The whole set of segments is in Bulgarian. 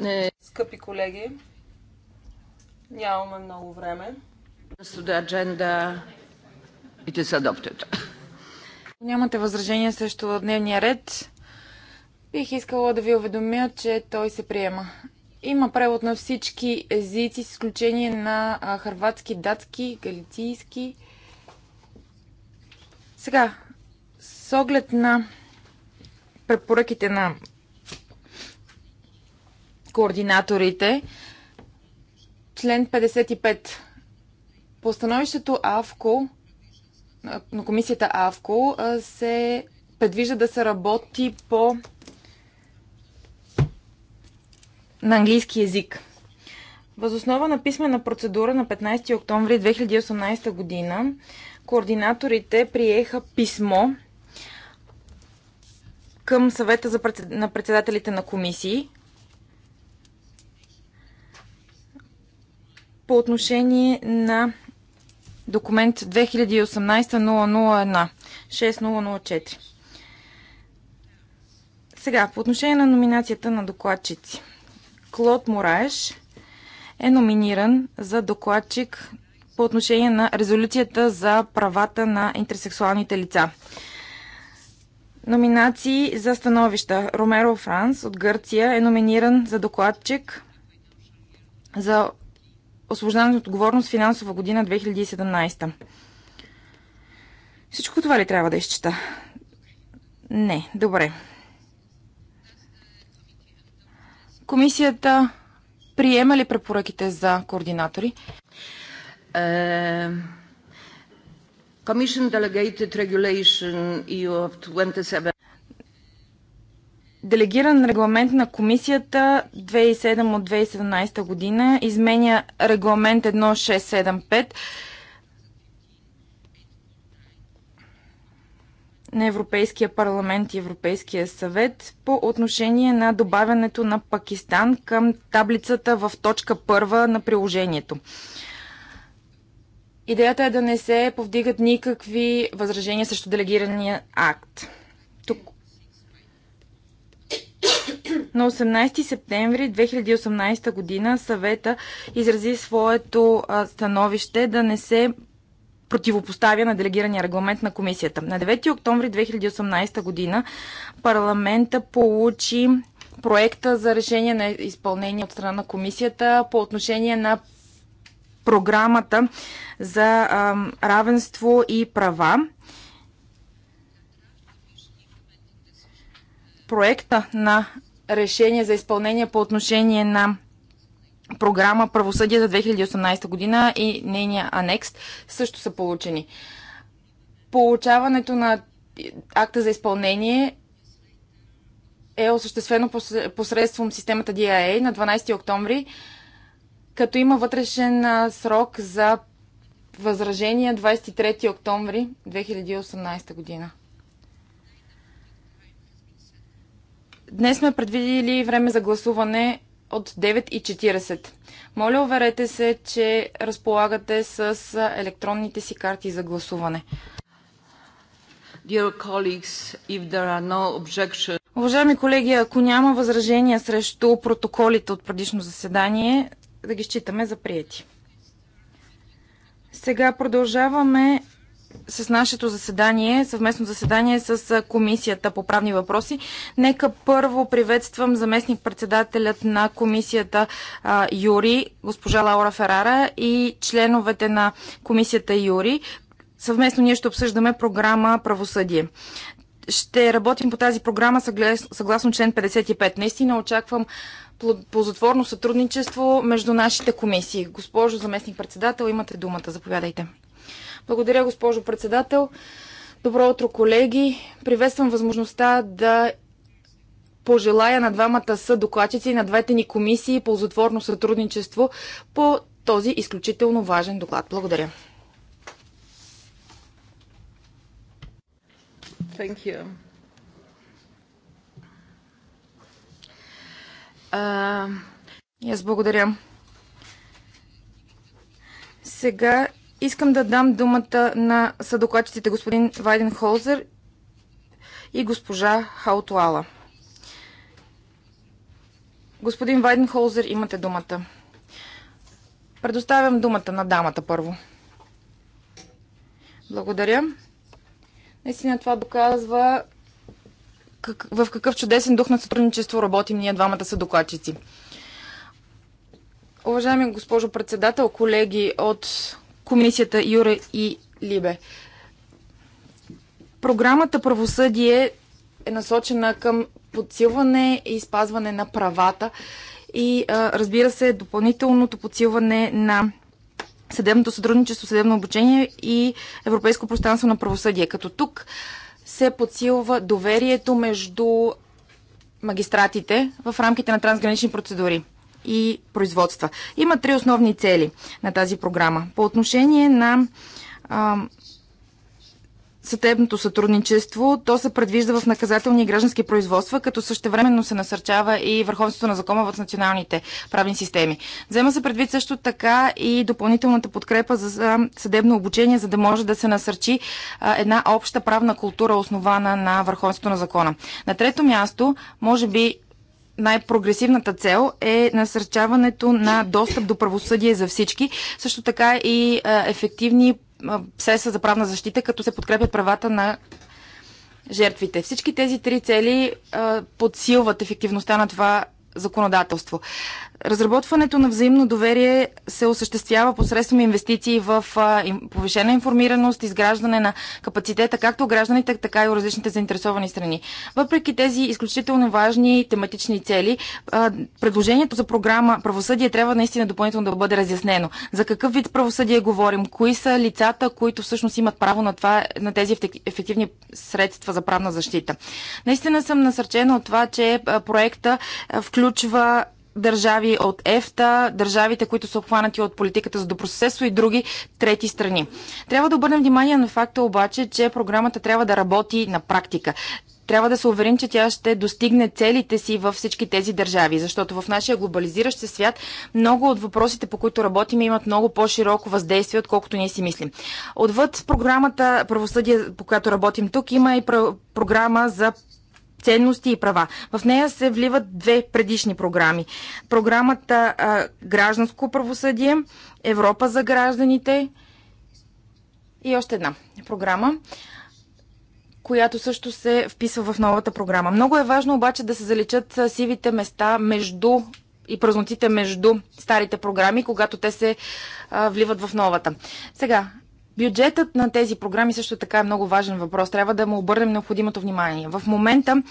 Eh, Скъпи колеги, нямаме много време. Нямате възражения срещу дневния ред. Бих искала да ви уведомя, че той се приема. Има превод на всички езици, с изключение на хърватски, датски, галицийски. Сега, с оглед на препоръките на координаторите. Член 55. По становището АВКО, на комисията АВКО, се предвижда да се работи по на английски язик. Възоснова на писмена процедура на 15 октомври 2018 година координаторите приеха писмо към съвета за председ... на председателите на комисии, по отношение на документ 2018-001 6004. Сега, по отношение на номинацията на докладчици. Клод Мораеш е номиниран за докладчик по отношение на резолюцията за правата на интерсексуалните лица. Номинации за становища. Ромеро Франс от Гърция е номиниран за докладчик за освобождаване от отговорност финансова година 2017. Всичко това ли трябва да изчета? Не, добре. Комисията приема ли препоръките за координатори? Uh, Commission Delegated Regulation EU of 27 Делегиран регламент на комисията 2007 от 2017 година изменя регламент 1675 на Европейския парламент и Европейския съвет по отношение на добавянето на Пакистан към таблицата в точка първа на приложението. Идеята е да не се повдигат никакви възражения срещу делегирания акт. На 18 септември 2018 година съвета изрази своето становище да не се противопоставя на делегирания регламент на комисията. На 9 октомври 2018 година парламента получи проекта за решение на изпълнение от страна на комисията по отношение на програмата за равенство и права. проекта на решение за изпълнение по отношение на програма Правосъдие за 2018 година и нейния анекс също са получени. Получаването на акта за изпълнение е осъществено посредством системата DIA на 12 октомври, като има вътрешен срок за възражение 23 октомври 2018 година. Днес сме предвидили време за гласуване от 9.40. Моля, уверете се, че разполагате с електронните си карти за гласуване. No Уважаеми колеги, ако няма възражения срещу протоколите от предишно заседание, да ги считаме за приети. Сега продължаваме с нашето заседание, съвместно заседание с Комисията по правни въпроси. Нека първо приветствам заместник-председателят на Комисията а, Юри, госпожа Лаура Ферара и членовете на Комисията Юри. Съвместно ние ще обсъждаме програма Правосъдие ще работим по тази програма съгласно член 55. Наистина очаквам ползотворно сътрудничество между нашите комисии. Госпожо заместник-председател, имате думата. Заповядайте. Благодаря, госпожо председател. Добро утро, колеги. Приветствам възможността да пожелая на двамата съдокладчици и на двете ни комисии ползотворно сътрудничество по този изключително важен доклад. Благодаря. Thank you. Uh... Аз благодаря. Сега Искам да дам думата на съдокладчиците господин Вайден Холзер и госпожа Хаутуала. Господин Вайден Холзер, имате думата. Предоставям думата на дамата първо. Благодаря. Наистина това доказва в какъв чудесен дух на сътрудничество работим ние двамата съдокладчици. Уважаеми госпожо председател, колеги от комисията Юре и Либе. Програмата Правосъдие е насочена към подсилване и спазване на правата и разбира се допълнителното подсилване на съдебното сътрудничество, съдебно обучение и Европейско пространство на правосъдие. Като тук се подсилва доверието между магистратите в рамките на трансгранични процедури и производства. Има три основни цели на тази програма. По отношение на а, съдебното сътрудничество, то се предвижда в наказателни и граждански производства, като същевременно се насърчава и върховенството на закона в националните правни системи. Взема се предвид също така и допълнителната подкрепа за съдебно обучение, за да може да се насърчи една обща правна култура, основана на върховенството на закона. На трето място, може би най-прогресивната цел е насърчаването на достъп до правосъдие за всички, също така и ефективни средства за правна защита, като се подкрепят правата на жертвите. Всички тези три цели подсилват ефективността на това законодателство. Разработването на взаимно доверие се осъществява посредством инвестиции в повишена информираност, изграждане на капацитета както гражданите, така и различните заинтересовани страни. Въпреки тези изключително важни тематични цели, предложението за програма правосъдие трябва наистина допълнително да бъде разяснено. За какъв вид правосъдие говорим? Кои са лицата, които всъщност имат право на, това, на тези ефективни средства за правна защита? Наистина съм насърчена от това, че проекта включва държави от ЕФТА, държавите, които са обхванати от политиката за добросъседство и други трети страни. Трябва да обърнем внимание на факта обаче, че програмата трябва да работи на практика трябва да се уверим, че тя ще достигне целите си във всички тези държави, защото в нашия глобализиращ се свят много от въпросите, по които работим, имат много по-широко въздействие, отколкото ние си мислим. Отвъд програмата Правосъдие, по която работим тук, има и програма за ценности и права. В нея се вливат две предишни програми. Програмата а, Гражданско правосъдие, Европа за гражданите и още една програма която също се вписва в новата програма. Много е важно обаче да се заличат сивите места между и празнотите между старите програми, когато те се а, вливат в новата. Сега, Бюджетът на тези програми също така е много важен въпрос. Трябва да му обърнем необходимото внимание. В момента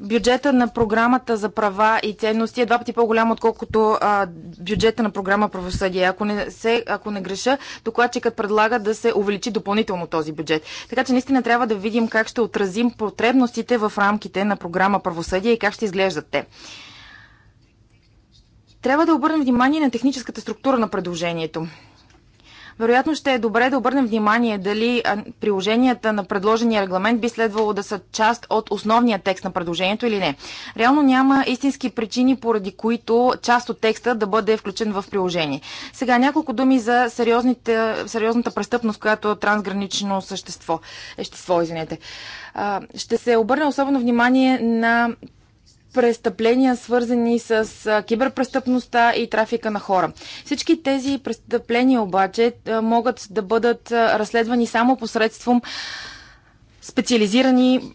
бюджета на програмата за права и ценности е два пъти по-голям, отколкото а, бюджета на програма правосъдие. Ако не, се, ако не греша, докладчикът предлага да се увеличи допълнително този бюджет. Така че наистина трябва да видим как ще отразим потребностите в рамките на програма правосъдие и как ще изглеждат те. Трябва да обърнем внимание на техническата структура на предложението. Вероятно ще е добре да обърнем внимание дали приложенията на предложения регламент би следвало да са част от основния текст на предложението или не. Реално няма истински причини, поради които част от текста да бъде включен в приложение. Сега няколко думи за сериозната престъпност, която е трансгранично същество. Ещество, извинете. Ще се обърне особено внимание на престъпления, свързани с киберпрестъпността и трафика на хора. Всички тези престъпления обаче могат да бъдат разследвани само посредством специализирани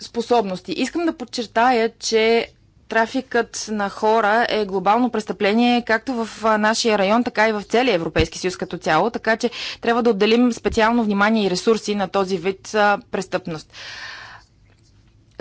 способности. Искам да подчертая, че трафикът на хора е глобално престъпление както в нашия район, така и в целия Европейски съюз като цяло, така че трябва да отделим специално внимание и ресурси на този вид престъпност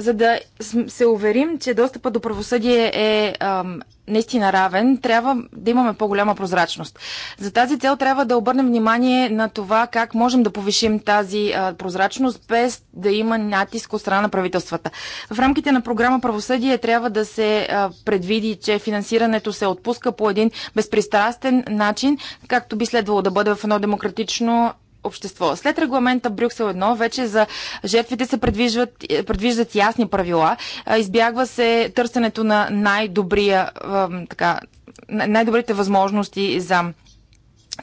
за да се уверим, че достъпа до правосъдие е ам, наистина равен, трябва да имаме по-голяма прозрачност. За тази цел трябва да обърнем внимание на това как можем да повишим тази а, прозрачност без да има натиск от страна на правителствата. В рамките на програма Правосъдие трябва да се а, предвиди, че финансирането се отпуска по един безпристрастен начин, както би следвало да бъде в едно демократично общество. След регламента Брюксел 1 вече за жертвите се предвиждат, предвиждат ясни правила. Избягва се търсенето на най-добрия, така, най-добрите възможности за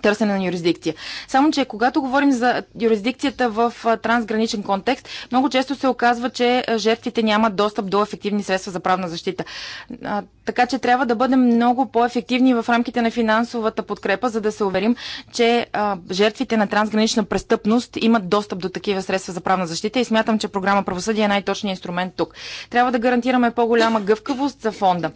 търсене на юрисдикция. Само, че когато говорим за юрисдикцията в трансграничен контекст, много често се оказва, че жертвите нямат достъп до ефективни средства за правна защита. така че трябва да бъдем много по-ефективни в рамките на финансовата подкрепа, за да се уверим, че жертвите на трансгранична престъпност имат достъп до такива средства за правна защита и смятам, че програма Правосъдие е най-точният инструмент тук. Трябва да гарантираме по-голяма гъвкавост за фонда.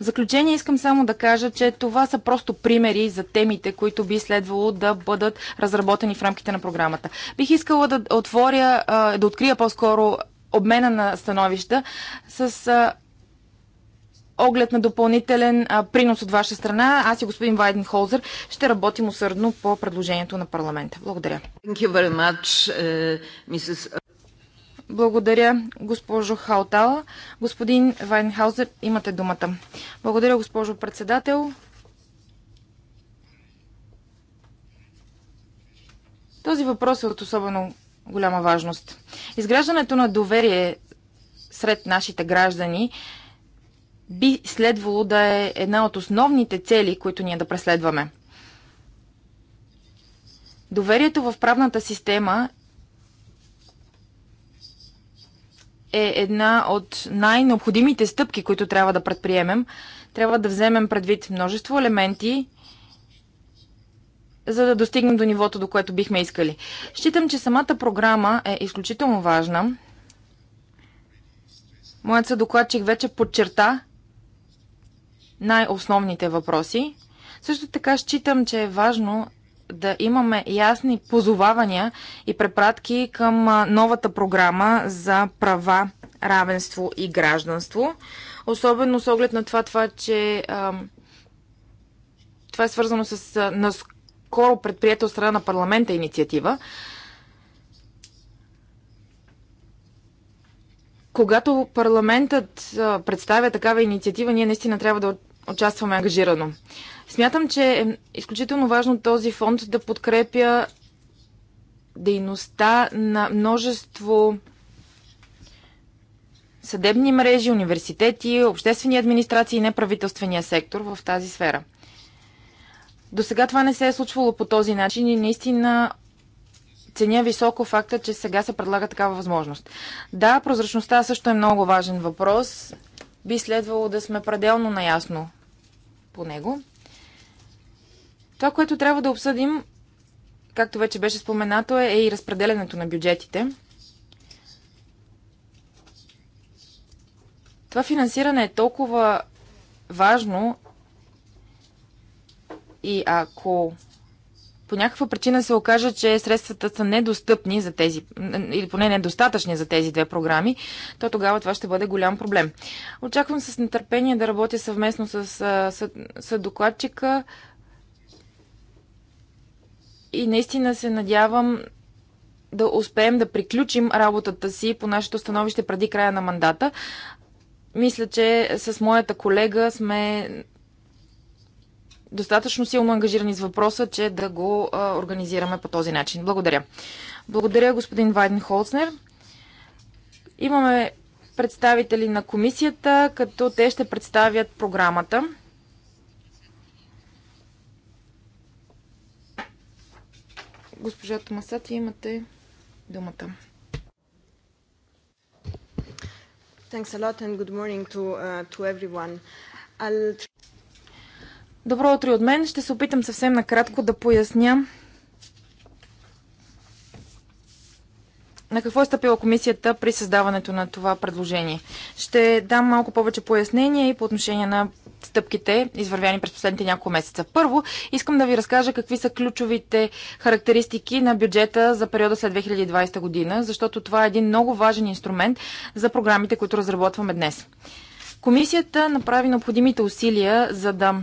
В заключение искам само да кажа, че това са просто примери за темите, които би следвало да бъдат разработени в рамките на програмата. Бих искала да отворя, да открия по-скоро обмена на становища с оглед на допълнителен принос от ваша страна, аз и господин Вайден Холзер ще работим усърдно по предложението на парламента. Благодаря. Благодаря, госпожо Халтала. Господин Вайнхаузер, имате думата. Благодаря, госпожо председател. Този въпрос е от особено голяма важност. Изграждането на доверие сред нашите граждани би следвало да е една от основните цели, които ние да преследваме. Доверието в правната система е една от най-необходимите стъпки, които трябва да предприемем. Трябва да вземем предвид множество елементи, за да достигнем до нивото, до което бихме искали. Считам, че самата програма е изключително важна. Моят съдокладчик вече подчерта най-основните въпроси. Също така считам, че е важно да имаме ясни позовавания и препратки към новата програма за права, равенство и гражданство. Особено с оглед на това, това че а, това е свързано с наскоро предприятел страна на парламента инициатива. Когато парламентът представя такава инициатива, ние наистина трябва да участваме ангажирано. Смятам, че е изключително важно този фонд да подкрепя дейността на множество съдебни мрежи, университети, обществени администрации и неправителствения сектор в тази сфера. До сега това не се е случвало по този начин и наистина ценя високо факта, че сега се предлага такава възможност. Да, прозрачността също е много важен въпрос би следвало да сме пределно наясно по него. Това, което трябва да обсъдим, както вече беше споменато, е и разпределенето на бюджетите. Това финансиране е толкова важно и ако по някаква причина се окаже, че средствата са недостъпни за тези, или поне недостатъчни за тези две програми, то тогава това ще бъде голям проблем. Очаквам с нетърпение да работя съвместно с, с, с докладчика и наистина се надявам да успеем да приключим работата си по нашето становище преди края на мандата. Мисля, че с моята колега сме достатъчно силно ангажирани с въпроса, че да го а, организираме по този начин. Благодаря. Благодаря, господин Вайден Холцнер. Имаме представители на комисията, като те ще представят програмата. Госпожа Томасати, имате думата. Thanks a lot and good morning to, uh, to everyone. I'll... Добро утро от мен. Ще се опитам съвсем накратко да поясня на какво е стъпила комисията при създаването на това предложение. Ще дам малко повече пояснения и по отношение на стъпките, извървяни през последните няколко месеца. Първо, искам да ви разкажа какви са ключовите характеристики на бюджета за периода след 2020 година, защото това е един много важен инструмент за програмите, които разработваме днес. Комисията направи необходимите усилия, за да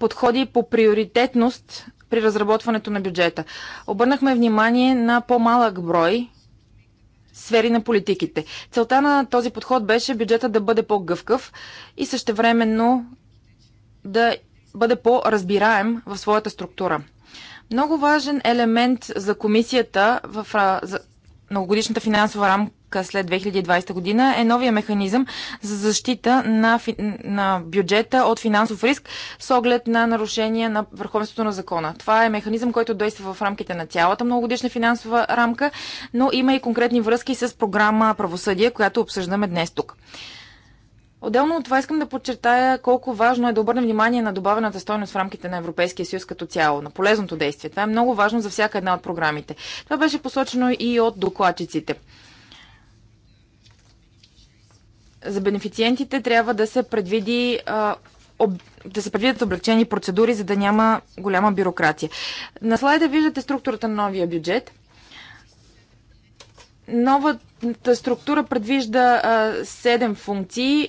подходи по приоритетност при разработването на бюджета. Обърнахме внимание на по-малък брой сфери на политиките. Целта на този подход беше бюджета да бъде по-гъвкав и същевременно да бъде по-разбираем в своята структура. Много важен елемент за комисията в, за, многогодишната финансова рамка след 2020 година е новия механизъм за защита на, фи... на бюджета от финансов риск с оглед на нарушения на върховенството на закона. Това е механизъм, който действа в рамките на цялата многогодишна финансова рамка, но има и конкретни връзки с програма Правосъдие, която обсъждаме днес тук. Отделно от това искам да подчертая колко важно е да обърнем внимание на добавената стойност в рамките на Европейския съюз като цяло, на полезното действие. Това е много важно за всяка една от програмите. Това беше посочено и от докладчиците за бенефициентите трябва да се предвиди да се предвидят облегчени процедури, за да няма голяма бюрокрация. На слайда виждате структурата на новия бюджет. Новата структура предвижда а, 7 функции,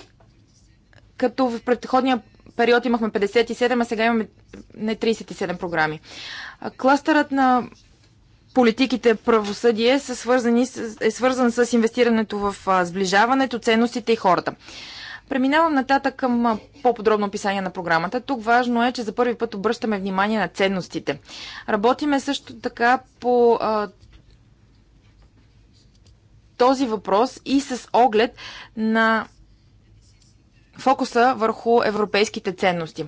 като в предходния период имахме 57, а сега имаме не 37 програми. Кластърът на политиките правосъдие са свързани с, е свързан с инвестирането в сближаването, ценностите и хората. Преминавам нататък към по-подробно описание на програмата. Тук важно е, че за първи път обръщаме внимание на ценностите. Работиме също така по а, този въпрос и с оглед на фокуса върху европейските ценности.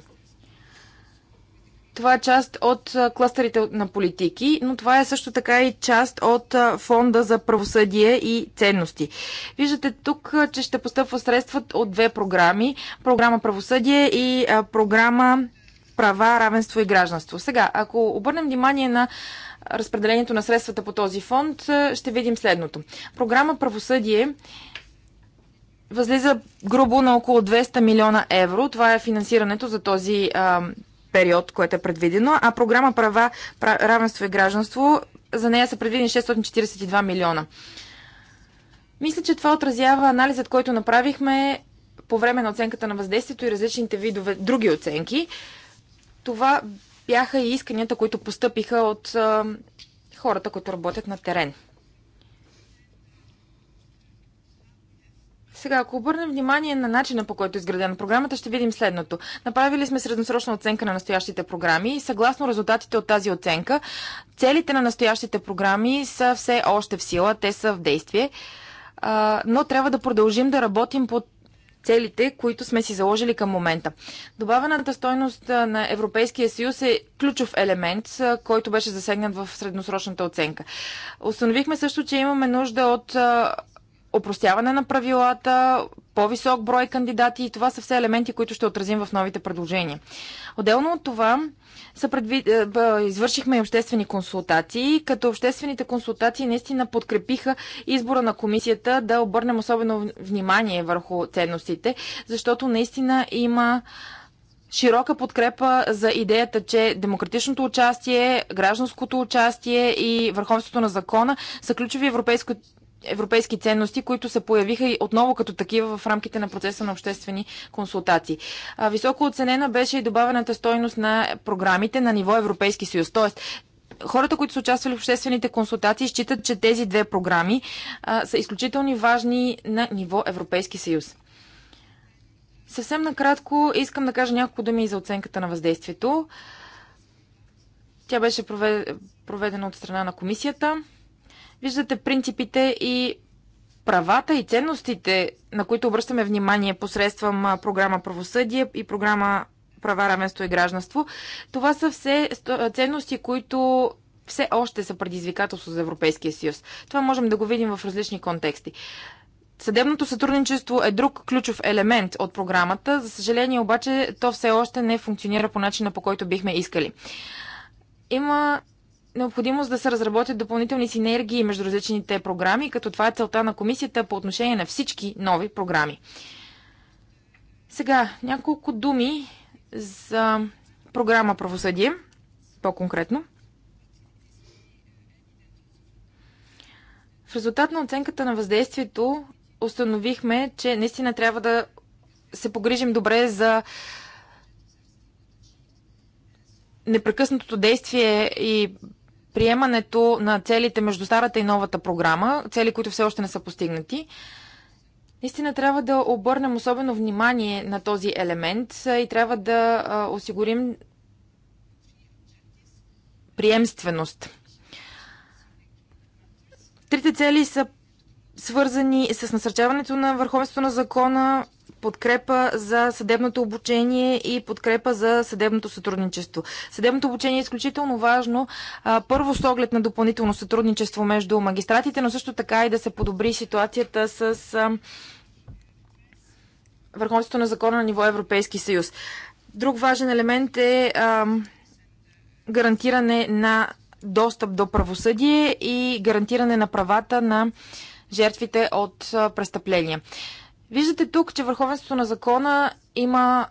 Това е част от кластерите на политики, но това е също така и част от фонда за правосъдие и ценности. Виждате тук, че ще постъпва средства от две програми. Програма правосъдие и програма права, равенство и гражданство. Сега, ако обърнем внимание на разпределението на средствата по този фонд, ще видим следното. Програма правосъдие възлиза грубо на около 200 милиона евро. Това е финансирането за този а, период, което е предвидено, а програма права, равенство и гражданство, за нея са предвидени 642 милиона. Мисля, че това отразява анализът, който направихме по време на оценката на въздействието и различните видове други оценки. Това бяха и исканията, които постъпиха от хората, които работят на терен. Сега, ако обърнем внимание на начина по който е изградена програмата, ще видим следното. Направили сме средносрочна оценка на настоящите програми и съгласно резултатите от тази оценка, целите на настоящите програми са все още в сила, те са в действие, но трябва да продължим да работим по целите, които сме си заложили към момента. Добавената стойност на Европейския съюз е ключов елемент, който беше засегнат в средносрочната оценка. Установихме също, че имаме нужда от опростяване на правилата, по-висок брой кандидати и това са все елементи, които ще отразим в новите предложения. Отделно от това, са предвид... Е, извършихме и обществени консултации, като обществените консултации наистина подкрепиха избора на комисията да обърнем особено внимание върху ценностите, защото наистина има широка подкрепа за идеята, че демократичното участие, гражданското участие и върховството на закона са ключови европейски европейски ценности, които се появиха и отново като такива в рамките на процеса на обществени консултации. Високо оценена беше и добавената стойност на програмите на ниво Европейски съюз. Тоест, хората, които са участвали в обществените консултации, считат, че тези две програми а, са изключително важни на ниво Европейски съюз. Съвсем накратко искам да кажа няколко думи за оценката на въздействието. Тя беше проведена от страна на комисията. Виждате принципите и правата и ценностите, на които обръщаме внимание посредством програма Правосъдие и програма Права, равенство и гражданство. Това са все ценности, които все още са предизвикателство за Европейския съюз. Това можем да го видим в различни контексти. Съдебното сътрудничество е друг ключов елемент от програмата. За съжаление обаче, то все още не функционира по начина по който бихме искали. Има необходимост да се разработят допълнителни синергии между различните програми, като това е целта на комисията по отношение на всички нови програми. Сега, няколко думи за програма Правосъдие, по-конкретно. В резултат на оценката на въздействието установихме, че наистина трябва да се погрижим добре за непрекъснатото действие и приемането на целите между старата и новата програма, цели, които все още не са постигнати, Наистина трябва да обърнем особено внимание на този елемент и трябва да осигурим приемственост. Трите цели са свързани с насърчаването на върховенството на закона, подкрепа за съдебното обучение и подкрепа за съдебното сътрудничество. Съдебното обучение е изключително важно, първо с оглед на допълнително сътрудничество между магистратите, но също така и да се подобри ситуацията с а, върховенството на закона на ниво Европейски съюз. Друг важен елемент е гарантиране на достъп до правосъдие и гарантиране на правата на жертвите от престъпления. Виждате тук, че върховенството на закона има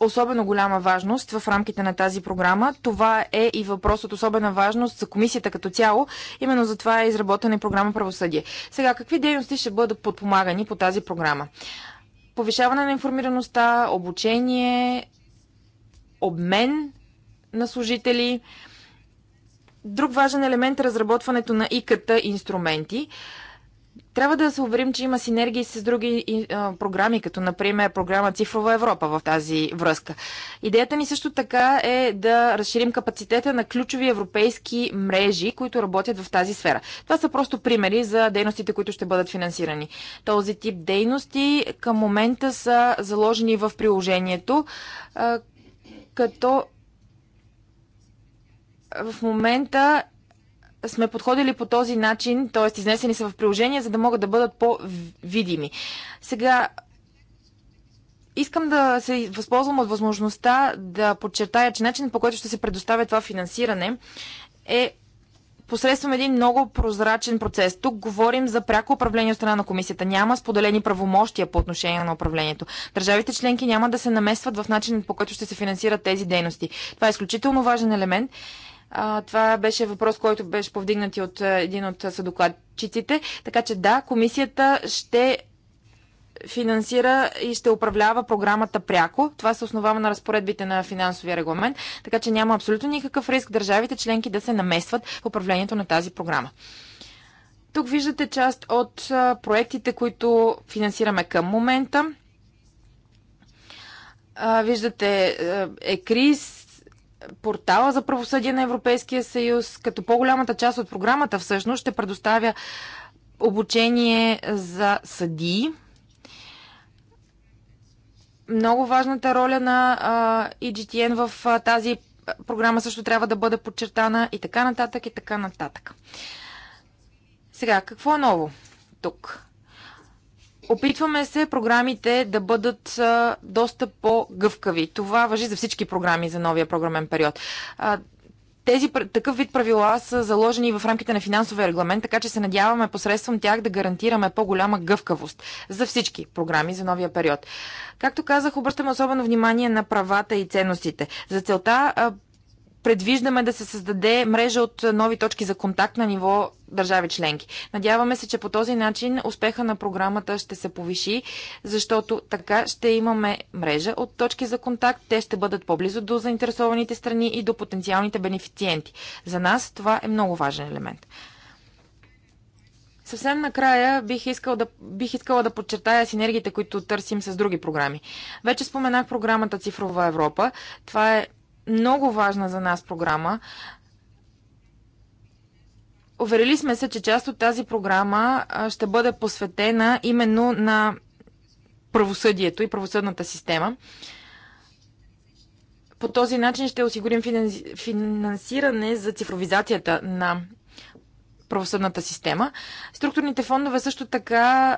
особено голяма важност в рамките на тази програма. Това е и въпрос от особена важност за комисията като цяло. Именно за това е изработена и програма Правосъдие. Сега, какви дейности ще бъдат подпомагани по тази програма? Повишаване на информираността, обучение, обмен на служители. Друг важен елемент е разработването на ИКТ инструменти. Трябва да се уверим, че има синергии с други а, програми, като например програма Цифрова Европа в тази връзка. Идеята ни също така е да разширим капацитета на ключови европейски мрежи, които работят в тази сфера. Това са просто примери за дейностите, които ще бъдат финансирани. Този тип дейности към момента са заложени в приложението, а, като в момента сме подходили по този начин, т.е. изнесени са в приложение, за да могат да бъдат по-видими. Сега, искам да се възползвам от възможността да подчертая, че начинът по който ще се предоставя това финансиране е посредством един много прозрачен процес. Тук говорим за пряко управление от страна на комисията. Няма споделени правомощия по отношение на управлението. Държавите членки няма да се намесват в начинът по който ще се финансират тези дейности. Това е изключително важен елемент а, това беше въпрос, който беше повдигнат и от един от съдокладчиците. Така че да, комисията ще финансира и ще управлява програмата пряко. Това се основава на разпоредбите на финансовия регламент, така че няма абсолютно никакъв риск държавите членки да се намесват в управлението на тази програма. Тук виждате част от проектите, които финансираме към момента. Виждате ЕКРИС, портала за правосъдие на Европейския съюз, като по-голямата част от програмата всъщност ще предоставя обучение за съдии. Много важната роля на EGTN в тази програма също трябва да бъде подчертана и така нататък, и така нататък. Сега, какво е ново тук? Опитваме се програмите да бъдат доста по-гъвкави. Това въжи за всички програми за новия програмен период. Тези такъв вид правила са заложени в рамките на финансовия регламент, така че се надяваме посредством тях да гарантираме по-голяма гъвкавост за всички програми за новия период. Както казах, обръщаме особено внимание на правата и ценностите. За целта предвиждаме да се създаде мрежа от нови точки за контакт на ниво държави членки. Надяваме се, че по този начин успеха на програмата ще се повиши, защото така ще имаме мрежа от точки за контакт. Те ще бъдат по-близо до заинтересованите страни и до потенциалните бенефициенти. За нас това е много важен елемент. Съвсем накрая бих, искал да, бих искала да подчертая синергиите, които търсим с други програми. Вече споменах програмата Цифрова Европа. Това е много важна за нас програма. Уверили сме се, че част от тази програма ще бъде посветена именно на правосъдието и правосъдната система. По този начин ще осигурим финансиране за цифровизацията на правосъдната система. Структурните фондове също така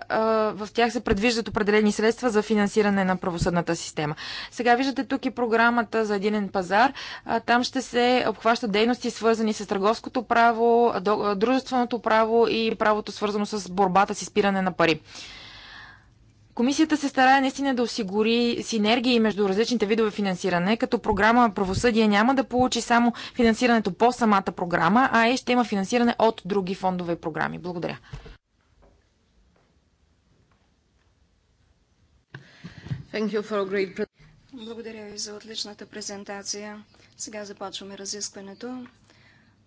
в тях се предвиждат определени средства за финансиране на правосъдната система. Сега виждате тук и програмата за единен пазар. Там ще се обхващат дейности свързани с търговското право, дружественото право и правото свързано с борбата с изпиране на пари. Комисията се старае наистина да осигури синергии между различните видове финансиране, като програма Правосъдие няма да получи само финансирането по самата програма, а и ще има финансиране от други фондове и програми. Благодаря. Great... Благодаря ви за отличната презентация. Сега започваме разискването.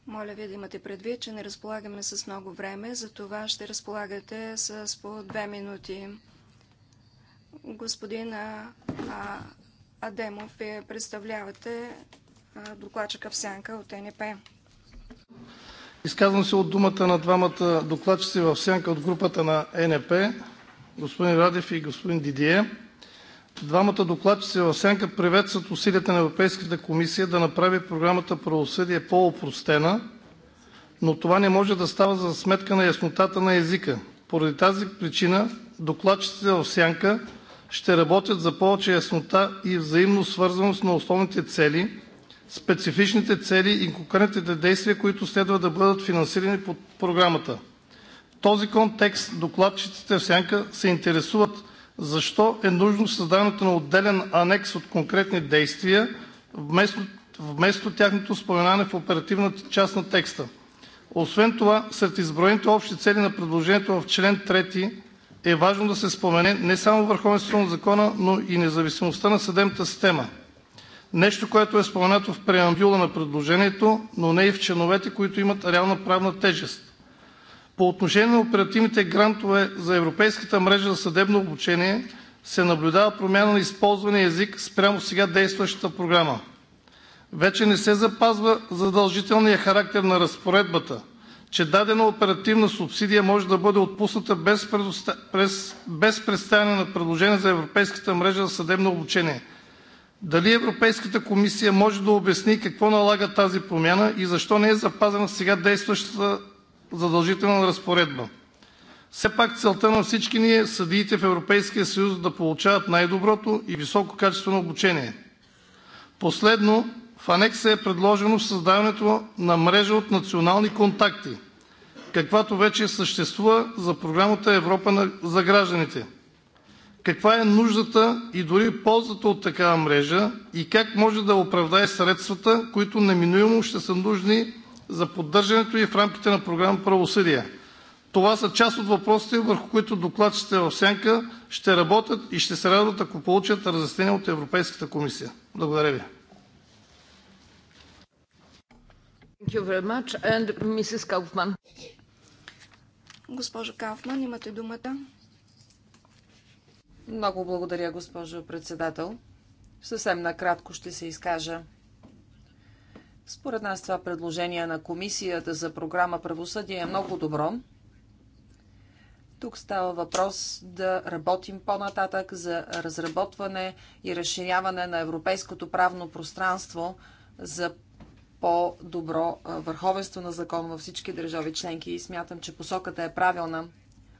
Моля ви да имате предвид, че не разполагаме с много време, за това ще разполагате с по две минути. Господин Адемов, вие представлявате докладчика в сянка от НП. Изказвам се от думата на двамата докладчици в сянка от групата на НП, господин Радев и господин Дидие. Двамата докладчици в сянка приветстват усилията на Европейската комисия да направи програмата правосъдие по-опростена, но това не може да става за сметка на яснотата на езика. Поради тази причина докладчиците в сянка ще работят за повече яснота и взаимно свързаност на основните цели, специфичните цели и конкретните действия, които следва да бъдат финансирани по Програмата. В този контекст докладчиците в сянка се интересуват защо е нужно създаването на отделен анекс от конкретни действия, вместо тяхното споменане в оперативната част на текста. Освен това сред изброените общи цели на предложението в член 3 е важно да се спомене не само върховенството на закона, но и независимостта на съдебната система – нещо, което е споменато в преамбюла на предложението, но не и в членовете, които имат реална правна тежест. По отношение на оперативните грантове за Европейската мрежа за съдебно обучение се наблюдава промяна на използвания език спрямо сега действащата програма. Вече не се запазва задължителният характер на разпоредбата, че дадена оперативна субсидия може да бъде отпусната без представяне на предложение за Европейската мрежа за съдебно обучение. Дали Европейската комисия може да обясни какво налага тази промяна и защо не е запазена сега действащата задължителна разпоредба? Все пак целта на всички ни е съдиите в Европейския съюз да получават най-доброто и високо качествено обучение. Последно, в Анекса е предложено създаването на мрежа от национални контакти, каквато вече съществува за Програмата „Европа за гражданите“. Каква е нуждата и дори ползата от такава мрежа и как може да оправдае средствата, които неминуемо ще са нужни за поддържането ѝ в рамките на Програма „Правосъдие“? Това са част от въпросите, върху които докладчиците в сянка ще работят и ще се радват, ако получат разяснение от Европейската комисия. Благодаря Ви. Госпожо Кауфман, имате думата. Много благодаря, госпожо председател. Съвсем накратко ще се изкажа. Според нас това предложение на Комисията за програма Правосъдие е много добро. Тук става въпрос да работим по-нататък за разработване и разширяване на европейското правно пространство за по-добро върховенство на закон във всички държави членки и смятам, че посоката е правилна.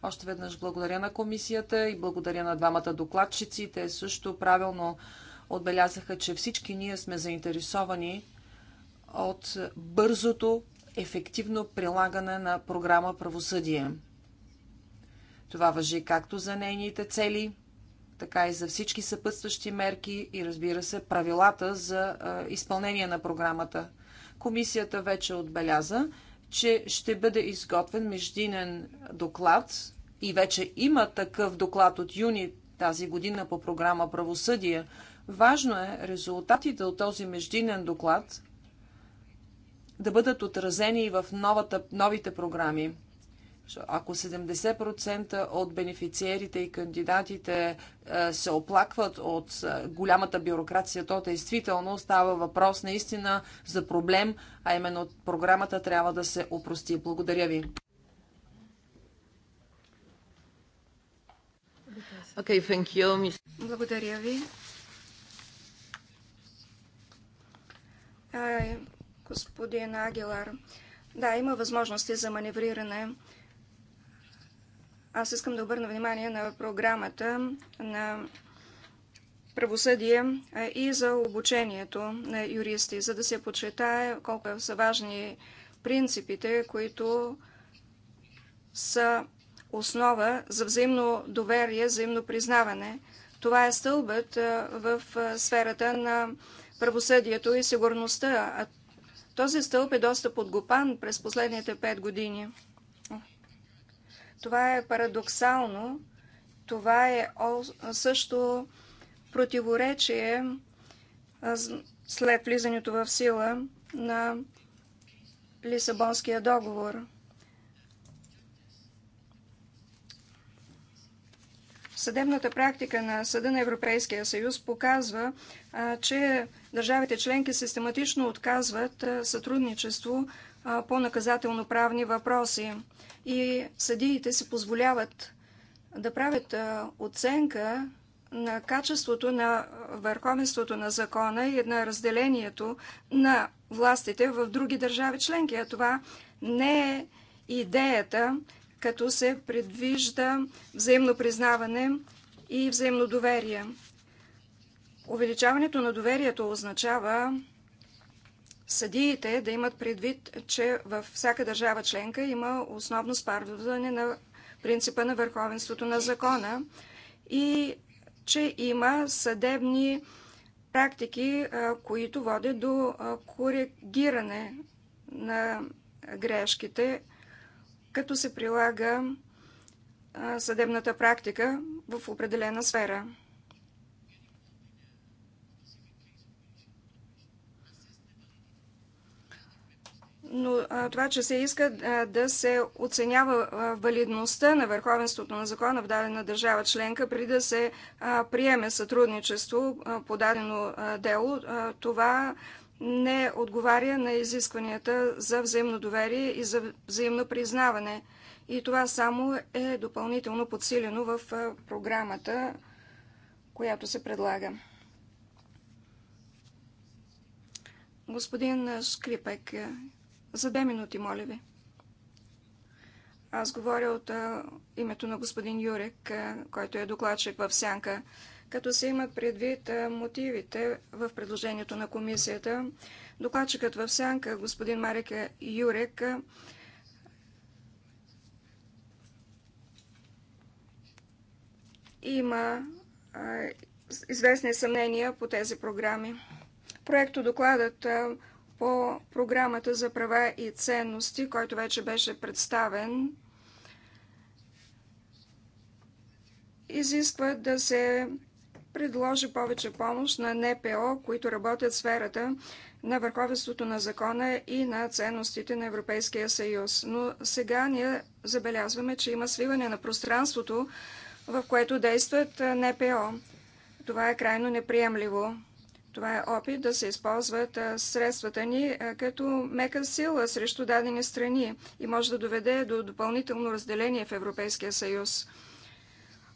Още веднъж благодаря на комисията и благодаря на двамата докладчици. Те също правилно отбелязаха, че всички ние сме заинтересовани от бързото, ефективно прилагане на програма Правосъдие. Това въжи както за нейните цели, така и за всички съпътстващи мерки и разбира се правилата за изпълнение на програмата. Комисията вече отбеляза, че ще бъде изготвен междинен доклад и вече има такъв доклад от юни тази година по програма Правосъдие. Важно е резултатите от този междинен доклад да бъдат отразени и в новата, новите програми. Ако 70% от бенефициерите и кандидатите е, се оплакват от е, голямата бюрокрация, то действително става въпрос наистина за проблем, а именно програмата трябва да се опрости. Благодаря ви. Okay, thank you. Благодаря ви. Е, господин Агилар, да, има възможности за маневриране. Аз искам да обърна внимание на програмата на правосъдие и за обучението на юристи, за да се почетае колко са важни принципите, които са основа за взаимно доверие, взаимно признаване. Това е стълбът в сферата на правосъдието и сигурността. този стълб е доста подгопан през последните пет години. Това е парадоксално. Това е също противоречие след влизането в сила на Лисабонския договор. Съдебната практика на Съда на Европейския съюз показва, че държавите членки систематично отказват сътрудничество по наказателно-правни въпроси. И съдиите си позволяват да правят оценка на качеството на върховенството на закона и на разделението на властите в други държави членки. А това не е идеята, като се предвижда взаимно признаване и взаимно доверие. Увеличаването на доверието означава съдиите да имат предвид, че във всяка държава членка има основно спарване на принципа на върховенството на закона и че има съдебни практики, които водят до коригиране на грешките, като се прилага съдебната практика в определена сфера. но това, че се иска да се оценява валидността на върховенството на закона в дадена държава членка, преди да се приеме сътрудничество по дадено дело, това не отговаря на изискванията за взаимно доверие и за взаимно признаване. И това само е допълнително подсилено в програмата, която се предлага. Господин Шкрипек за две минути, моля ви. Аз говоря от а, името на господин Юрек, а, който е докладчик в Сянка. Като се имат предвид а, мотивите в предложението на комисията, докладчикът в Сянка, господин Марек Юрек, а, има а, известни съмнения по тези програми. Проекто докладът а, по програмата за права и ценности, който вече беше представен, изисква да се предложи повече помощ на НПО, които работят в сферата на върховенството на закона и на ценностите на Европейския съюз. Но сега ние забелязваме, че има свиване на пространството, в което действат НПО. Това е крайно неприемливо. Това е опит да се използват средствата ни като мека сила срещу дадени страни и може да доведе до допълнително разделение в Европейския съюз.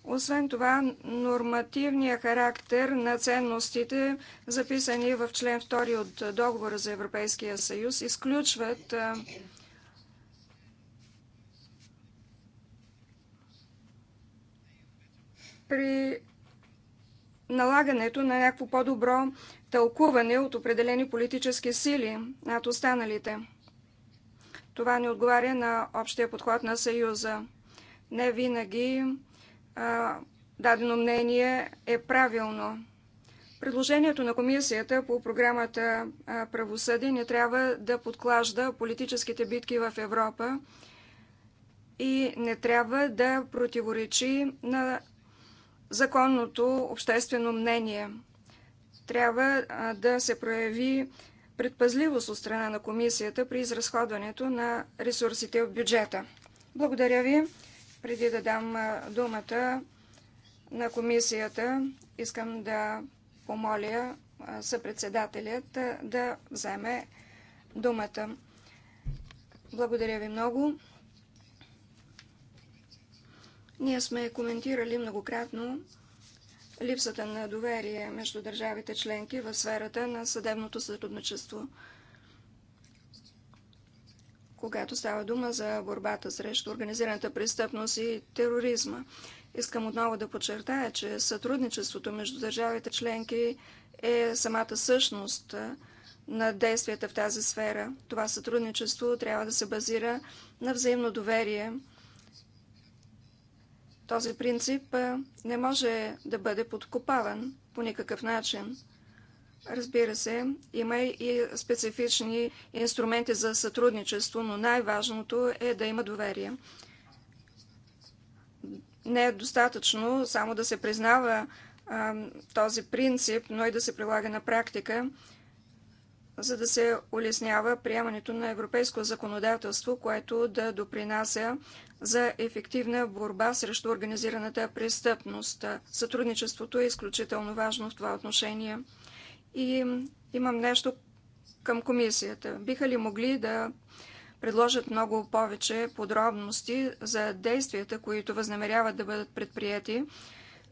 Освен това, нормативният характер на ценностите, записани в член 2 от Договора за Европейския съюз, изключват при налагането на някакво по-добро тълкуване от определени политически сили над останалите. Това не отговаря на общия подход на Съюза. Не винаги а, дадено мнение е правилно. Предложението на комисията по програмата Правосъдие не трябва да подклажда политическите битки в Европа и не трябва да противоречи на законното обществено мнение. Трябва да се прояви предпазливост от страна на комисията при изразходването на ресурсите от бюджета. Благодаря ви. Преди да дам думата на комисията, искам да помоля съпредседателят да вземе думата. Благодаря ви много. Ние сме коментирали многократно липсата на доверие между държавите членки в сферата на съдебното сътрудничество. Когато става дума за борбата срещу организираната престъпност и тероризма, искам отново да подчертая, че сътрудничеството между държавите членки е самата същност на действията в тази сфера. Това сътрудничество трябва да се базира на взаимно доверие – този принцип е, не може да бъде подкопаван по никакъв начин. Разбира се, има и специфични инструменти за сътрудничество, но най-важното е да има доверие. Не е достатъчно само да се признава а, този принцип, но и да се прилага на практика за да се улеснява приемането на европейско законодателство, което да допринася за ефективна борба срещу организираната престъпност. Сътрудничеството е изключително важно в това отношение. И имам нещо към комисията. Биха ли могли да предложат много повече подробности за действията, които възнамеряват да бъдат предприяти,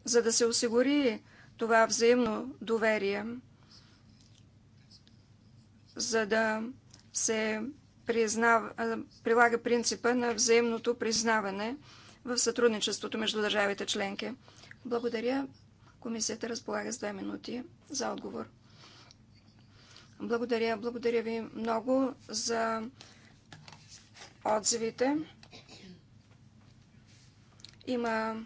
за да се осигури това взаимно доверие? за да се признава, прилага принципа на взаимното признаване в сътрудничеството между държавите членки. Благодаря. Комисията разполага с две минути за отговор. Благодаря, благодаря ви много за отзивите. Има,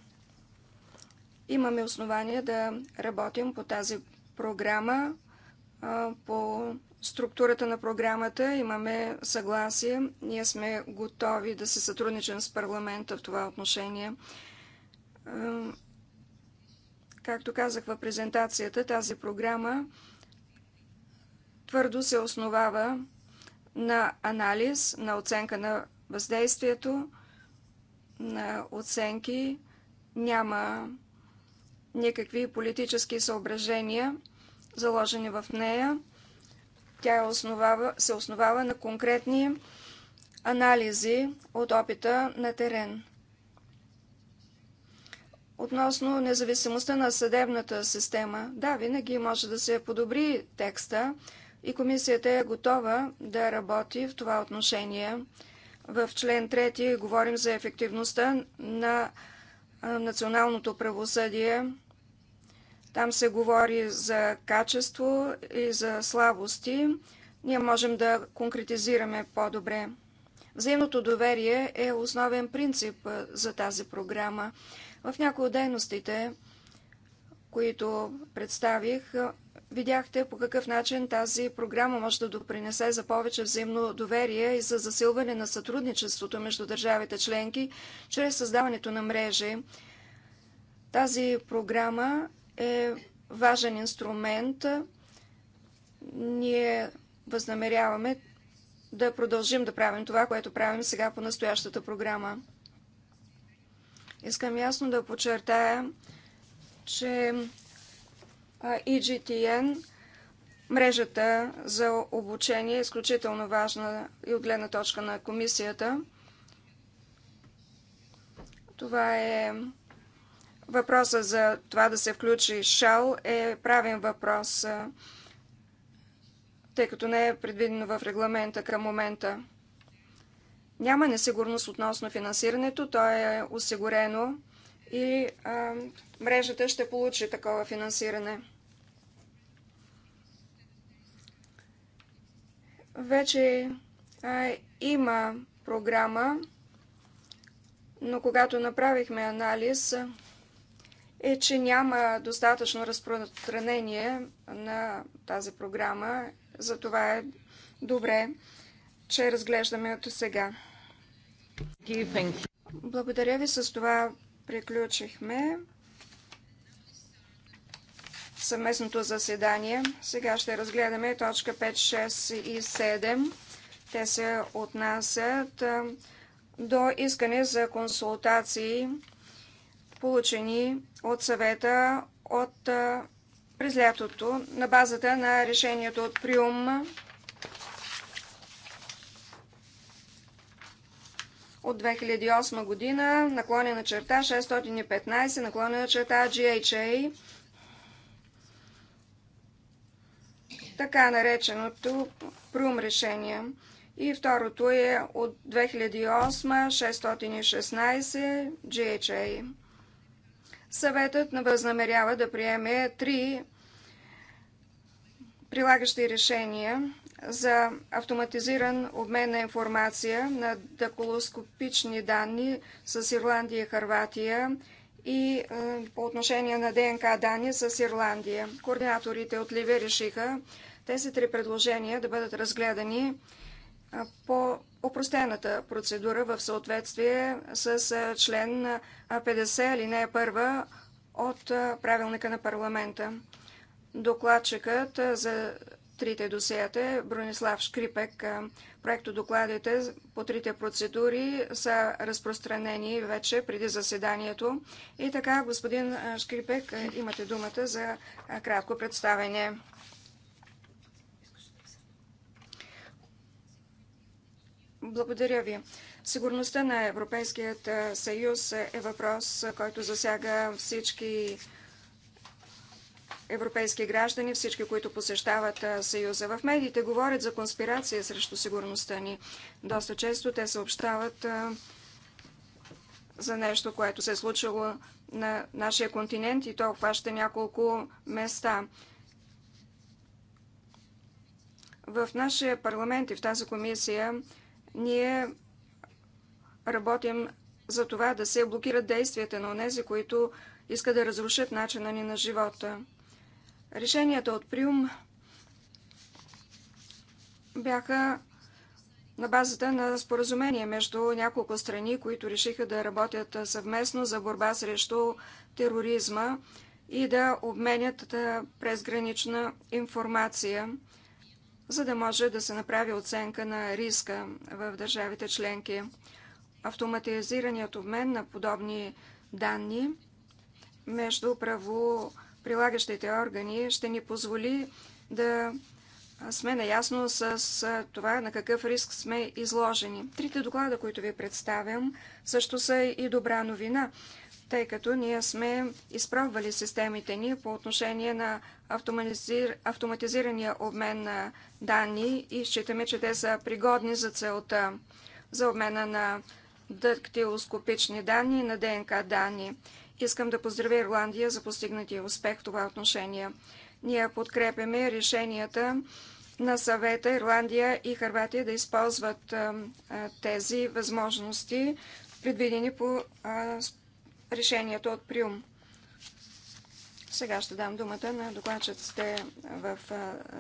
имаме основания да работим по тази програма по структурата на програмата имаме съгласие. Ние сме готови да се сътрудничим с парламента в това отношение. Както казах в презентацията, тази програма твърдо се основава на анализ, на оценка на въздействието, на оценки. Няма никакви политически съображения заложени в нея. Тя е основава, се основава на конкретни анализи от опита на терен. Относно независимостта на съдебната система, да, винаги може да се подобри текста и комисията е готова да работи в това отношение. В член 3 говорим за ефективността на националното правосъдие там се говори за качество и за слабости. Ние можем да конкретизираме по-добре. Взаимното доверие е основен принцип за тази програма. В някои от дейностите, които представих, видяхте по какъв начин тази програма може да допринесе за повече взаимно доверие и за засилване на сътрудничеството между държавите членки чрез създаването на мрежи. Тази програма е важен инструмент. Ние възнамеряваме да продължим да правим това, което правим сега по настоящата програма. Искам ясно да подчертая, че EGTN, мрежата за обучение, е изключително важна и от гледна точка на комисията. Това е Въпроса за това да се включи шал е правен въпрос, тъй като не е предвидено в регламента към момента. Няма несигурност относно финансирането, то е осигурено и а, мрежата ще получи такова финансиране. Вече а, има програма, но когато направихме анализ, е, че няма достатъчно разпространение на тази програма. Затова е добре, че разглеждаме от сега. Благодаря ви. С това приключихме съвместното заседание. Сега ще разгледаме точка 5, 6 и 7. Те се отнасят до искане за консултации получени от съвета от, през лятото на базата на решението от Приум от 2008 година, наклонена черта 615, наклонена черта GHA, така нареченото Прум решение. И второто е от 2008 616 GHA. Съветът възнамерява да приеме три прилагащи решения за автоматизиран обмен на информация на дакулоскопични данни с Ирландия и Харватия и е, по отношение на ДНК данни с Ирландия. Координаторите от Ливия решиха тези три предложения да бъдат разгледани е, по опростената процедура в съответствие с член 50 алинея 1 от правилника на парламента. Докладчикът за трите досията е Бронислав Шкрипек. Проектодокладите докладите по трите процедури са разпространени вече преди заседанието. И така, господин Шкрипек, имате думата за кратко представение. Благодаря ви. Сигурността на Европейският съюз е въпрос, който засяга всички европейски граждани, всички, които посещават Съюза. В медиите говорят за конспирация срещу сигурността ни. Доста често те съобщават за нещо, което се е случило на нашия континент и то обхваща няколко места. В нашия парламент и в тази комисия ние работим за това да се блокират действията на онези, които искат да разрушат начина ни на живота. Решенията от Приум бяха на базата на споразумение между няколко страни, които решиха да работят съвместно за борба срещу тероризма и да обменят презгранична информация за да може да се направи оценка на риска в държавите членки. Автоматизираният обмен на подобни данни между правоприлагащите органи ще ни позволи да сме наясно с това на какъв риск сме изложени. Трите доклада, които ви представям, също са и добра новина, тъй като ние сме изправвали системите ни по отношение на автоматизир... автоматизирания обмен на данни и считаме, че те са пригодни за целта за обмена на дактилоскопични данни и на ДНК данни. Искам да поздравя Ирландия за постигнатия успех в това отношение. Ние подкрепяме решенията на съвета Ирландия и Харватия да използват тези възможности, предвидени по а, решението от Приум. Сега ще дам думата на докладчиците в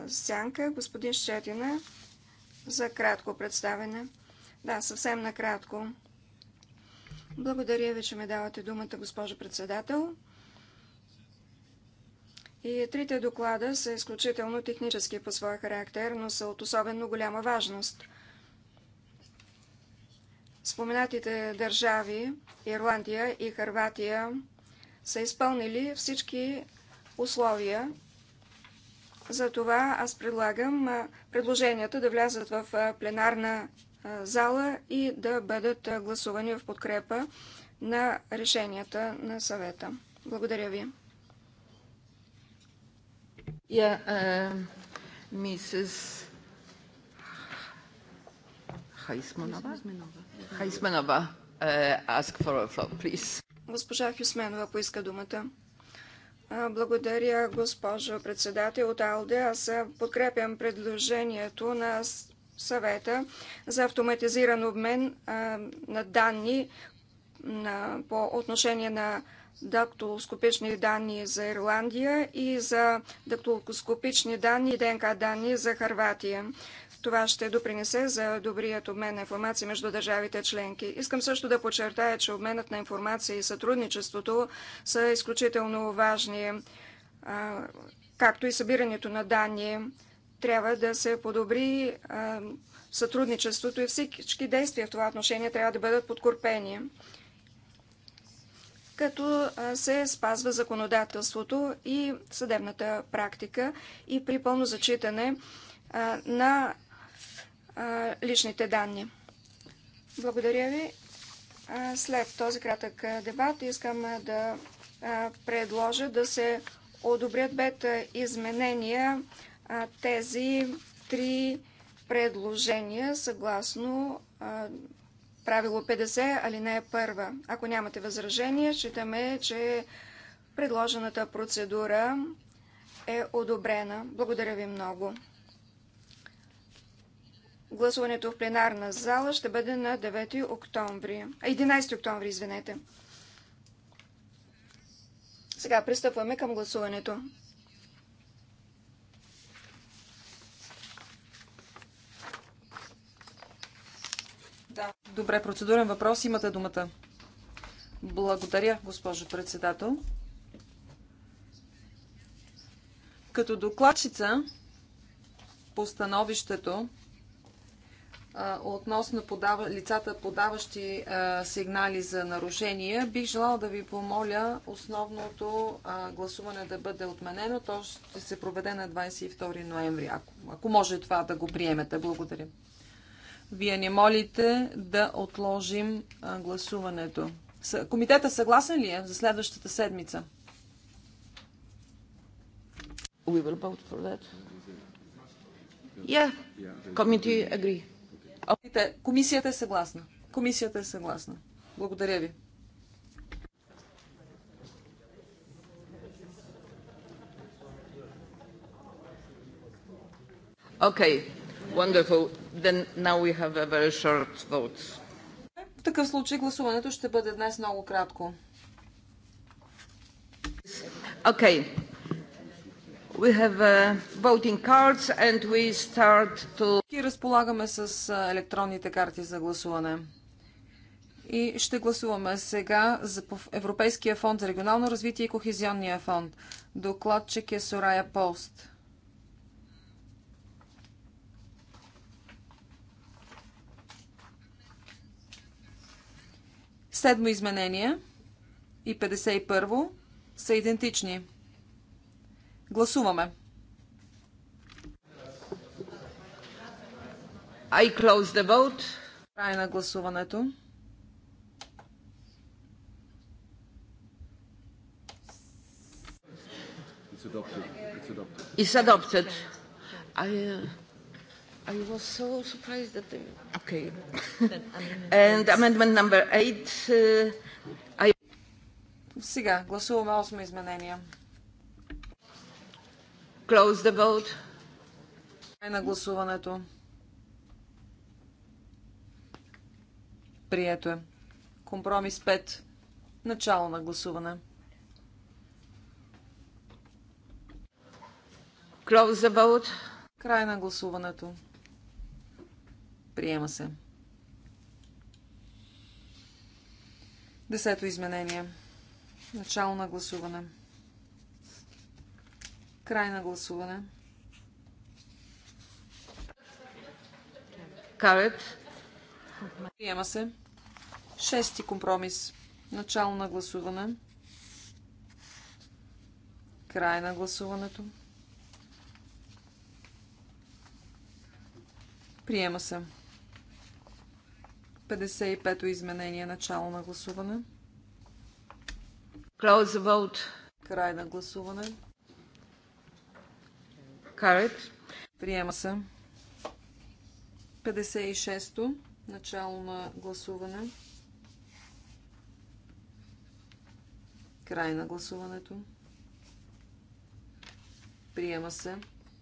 Сянка, господин Щетина, за кратко представене. Да, съвсем накратко. Благодаря ви, че ме давате думата, госпожо председател. И трите доклада са изключително технически по своя характер, но са от особено голяма важност. Споменатите държави Ирландия и Харватия са изпълнили всички условия. Затова аз предлагам предложенията да влязат в пленарна зала и да бъдат гласувани в подкрепа на решенията на съвета. Благодаря ви. Yeah, uh, Хайсманова. Хайсменова, uh, ask for a floor, please. Госпожа Хюсменова поиска думата. Благодаря, госпожо председател от АЛДЕ. Аз подкрепям предложението на съвета за автоматизиран обмен на данни по отношение на дактилоскопични данни за Ирландия и за дактилоскопични данни и ДНК данни за Харватия. Това ще допринесе за добрият обмен на информация между държавите членки. Искам също да подчертая, че обменът на информация и сътрудничеството са изключително важни, както и събирането на данни. Трябва да се подобри сътрудничеството и всички действия в това отношение трябва да бъдат подкорпени като се спазва законодателството и съдебната практика и при пълно зачитане на личните данни. Благодаря ви. След този кратък дебат искам да предложа да се одобрят бед изменения тези три предложения съгласно правило 50, алинея 1. Ако нямате възражение, считаме, че предложената процедура е одобрена. Благодаря ви много. Гласуването в пленарна зала ще бъде на 9 октомври. 11 октомври, извинете. Сега пристъпваме към гласуването. Да. Добре, процедурен въпрос. Имате думата. Благодаря, госпожо председател. Като докладчица по становището относно подава, лицата, подаващи а, сигнали за нарушения, бих желала да ви помоля основното а, гласуване да бъде отменено. То ще се проведе на 22 ноември, ако, ако може това да го приемете. Благодаря. Вие не молите да отложим а, гласуването. Комитета съгласен ли е за следващата седмица? We will vote for that. Yeah, committee agree. Опите, комисията е съгласна. Комисията е съгласна. Благодаря ви. Okay, wonderful. Then now we have a very short vote. В такъв случай гласуването ще бъде днес много кратко. Okay. We have uh, voting cards and we start to разполагаме с електронните карти за гласуване. И ще гласуваме сега за Европейския фонд за регионално развитие и Кохезионния фонд. Докладчик е Сорая Полст. Седмо изменение и 51 са идентични. Гласуваме. I close the vote. Край на гласуването. It's adopted. It's I, uh, I was so surprised that. they... okay. And amendment number eight. Uh, I... Сега гласуваме 8 изменения. Close the vote. Край на гласуването. Прието е. Компромис 5. Начало на гласуване. Close за vote. Край на гласуването. Приема се. Десето изменение. Начало на гласуване. Край на гласуване. Карет. Приема се. Шести компромис. Начало на гласуване. Край на гласуването. Приема се. 55-то изменение. Начало на гласуване. Close the vote. Край на гласуване. Carried. Приема се. 56-то. Начало на гласуване. Край на гласуването. Приема се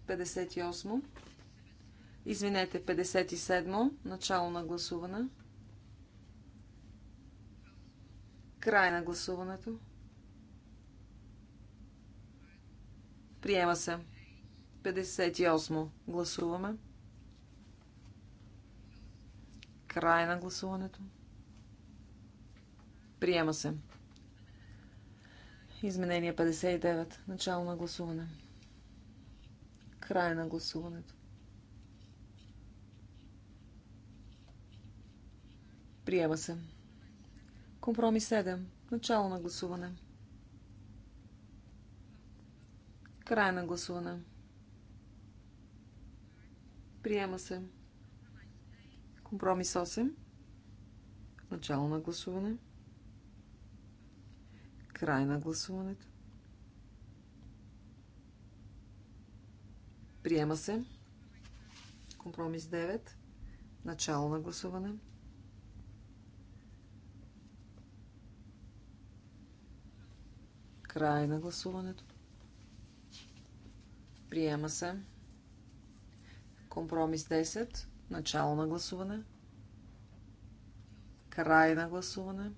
58. Извинете, 57. Начало на гласуване. Край на гласуването. Приема се. 58. Гласуваме. Край на гласуването. Приема се. Изменение 59. Начало на гласуване. Край на гласуването. Приема се. Компромис 7. Начало на гласуване. Край на гласуване. Приема се. Компромис 8. Начало на гласуване. Край на гласуването. Приема се. Компромис 9. Начало на гласуване. Край на гласуването. Приема се. Компромис 10. Начало на гласуване. Край на гласуване.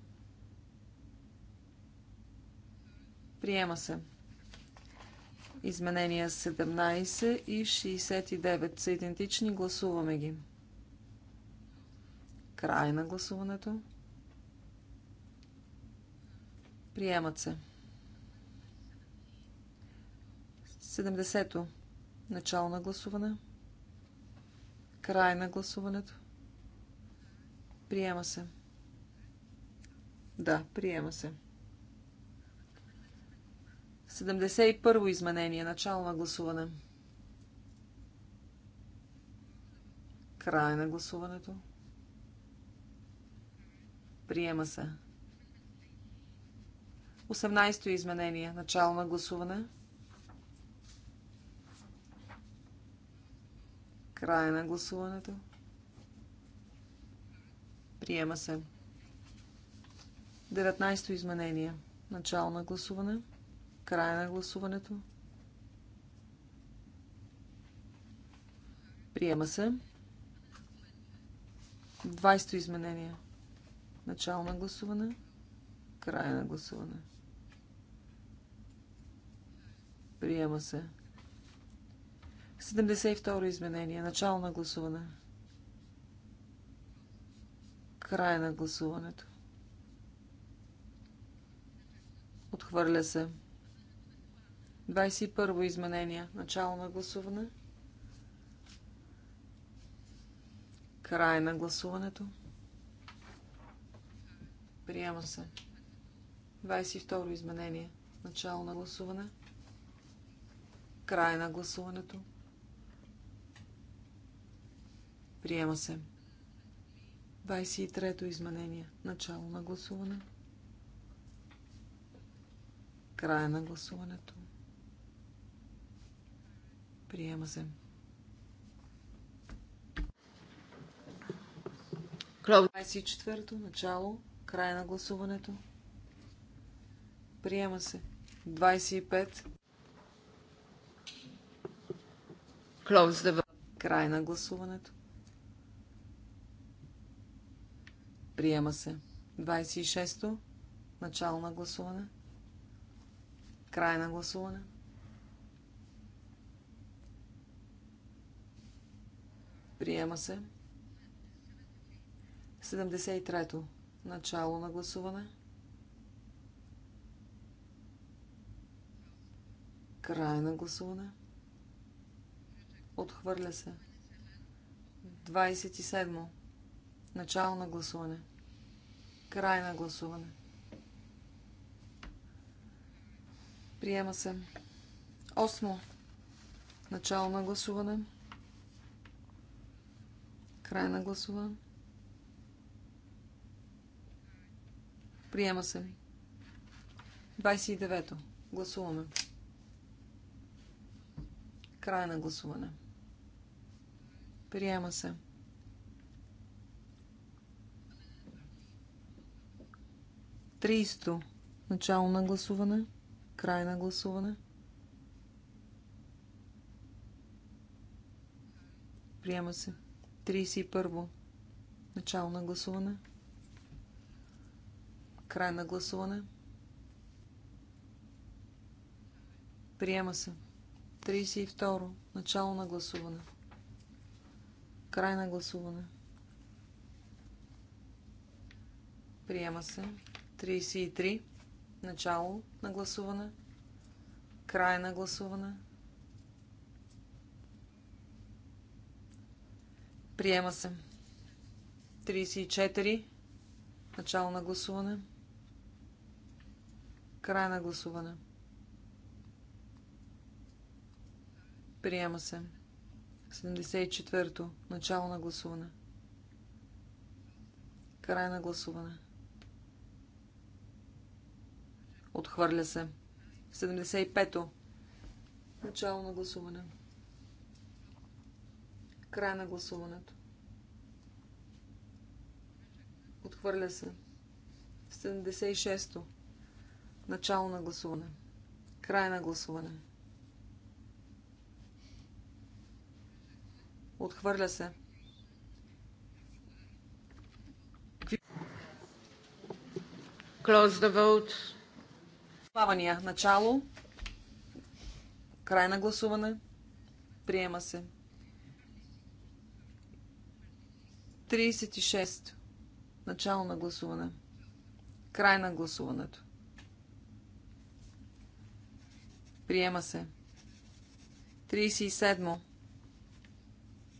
Приема се. Изменения 17 и 69 са идентични. Гласуваме ги. Край на гласуването. Приемат се. 70-то. Начало на гласуване. Край на гласуването. Приема се. Да, приема се. 71 изменение. Начало на гласуване. Край на гласуването. Приема се. 18 изменение. Начало на гласуване. Край на гласуването. Приема се. 19 изменение. Начало на гласуване. Края на гласуването. Приема се. 20 изменение. Начало на гласуване. Края на гласуване. Приема се. 72 изменение. Начало на гласуване. Края на гласуването. Отхвърля се. 21 изменение. Начало на гласуване. Край на гласуването. Приема се. 22 изменение. Начало на гласуване. Край на гласуването. Приема се. 23-то изменение. Начало на гласуване. Края на гласуването. Приема се. Клод 24-то, начало, край на гласуването. Приема се. 25. Клоуз 9. Край на гласуването. Приема се. 26-то. Начало на гласуване. Край на гласуване. Приема се. 73-то. Начало на гласуване. Край на гласуване. Отхвърля се. 27. Начало на гласуване. Край на гласуване. Приема се. 8. Начало на гласуване. Край на гласуване. Приема се. 29-то. Гласуваме. Край на гласуване. Приема се. Тристо. Начало на гласуване. Край на гласуване. Приема се. 31. Начало на гласуване. Край на гласуване. Приема се. 32. Начало на гласуване. Край на гласуване. Приема се. 33. Начало на гласуване. Край на гласуване. Приема се. 34. Начало на гласуване. Край на гласуване. Приема се. 74-то. Начало на гласуване. Край на гласуване. Отхвърля се. 75-то. Начало на гласуване. Край на гласуването. Отхвърля се. 76-то. Начало на гласуване. Край на гласуване. Отхвърля се. Close the vote. Плавания. Начало. Край на гласуване. Приема се. 36. Начало на гласуване. Край на гласуването. Приема се. 37.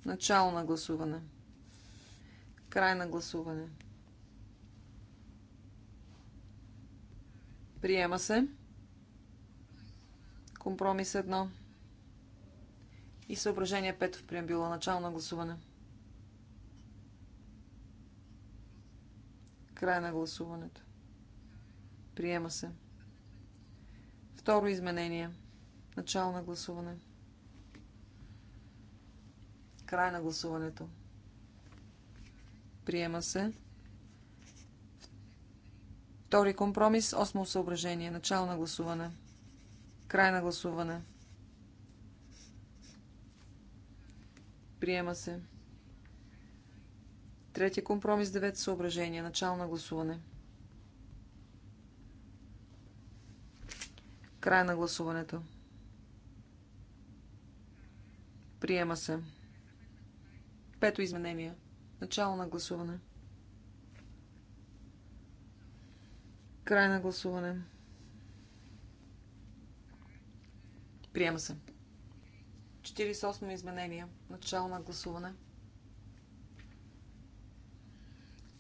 Начало на гласуване. Край на гласуване. Приема се. Компромис 1. И съображение 5 в преамбюла. Начало на гласуване. Край на гласуването. Приема се. Второ изменение. Начало на гласуване. Край на гласуването. Приема се. Втори компромис. Осмо съображение. Начало на гласуване. Край на гласуване. Приема се. Трети компромис, девето съображение. Начало на гласуване. Край на гласуването. Приема се. Пето изменение. Начало на гласуване. Край на гласуване. Приема се. 48 изменения. Начало на гласуване.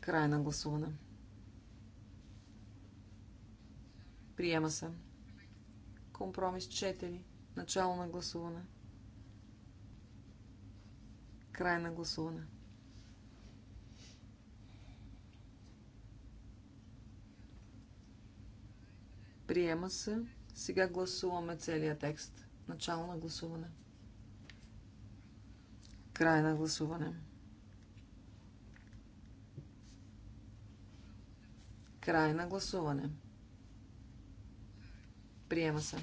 Край на гласуване. Приема се. Компромис 4. Начало на гласуване. Край на гласуване. Приема се. Сега гласуваме целия текст. Начало на гласуване. Край на гласуване. Край на гласуване. Приема се.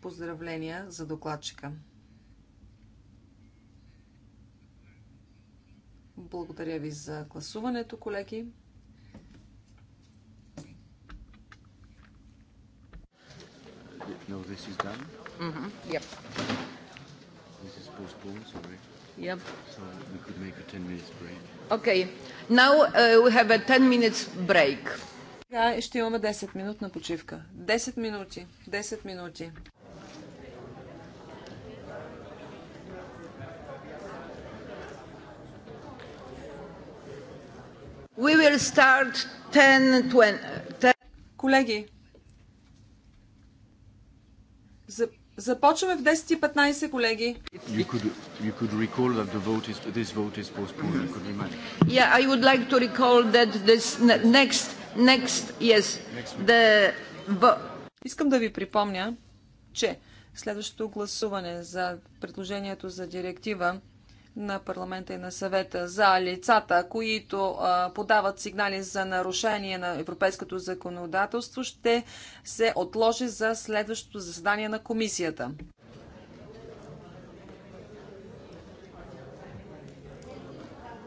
Поздравления за докладчика. Благодаря ви за гласуването, колеги. Mm-hmm. Yep. This is postponed, sorry. Yep. So we could make a 10 minutes break. Okay. Now uh, we have a 10 minutes break. Да, ще имаме 10 минутна почивка. 10 минути. 10 минути. We will start 10, 20, 10... Колеги, за Започваме в 10.15, колеги. You could, you could recall that the vote is, this vote is postponed. You could remind. Yeah, I would like to recall that this next, next, yes, the... Искам да ви припомня, че следващото гласуване за предложението за директива на парламента и на съвета за лицата, които подават сигнали за нарушение на европейското законодателство, ще се отложи за следващото заседание на комисията.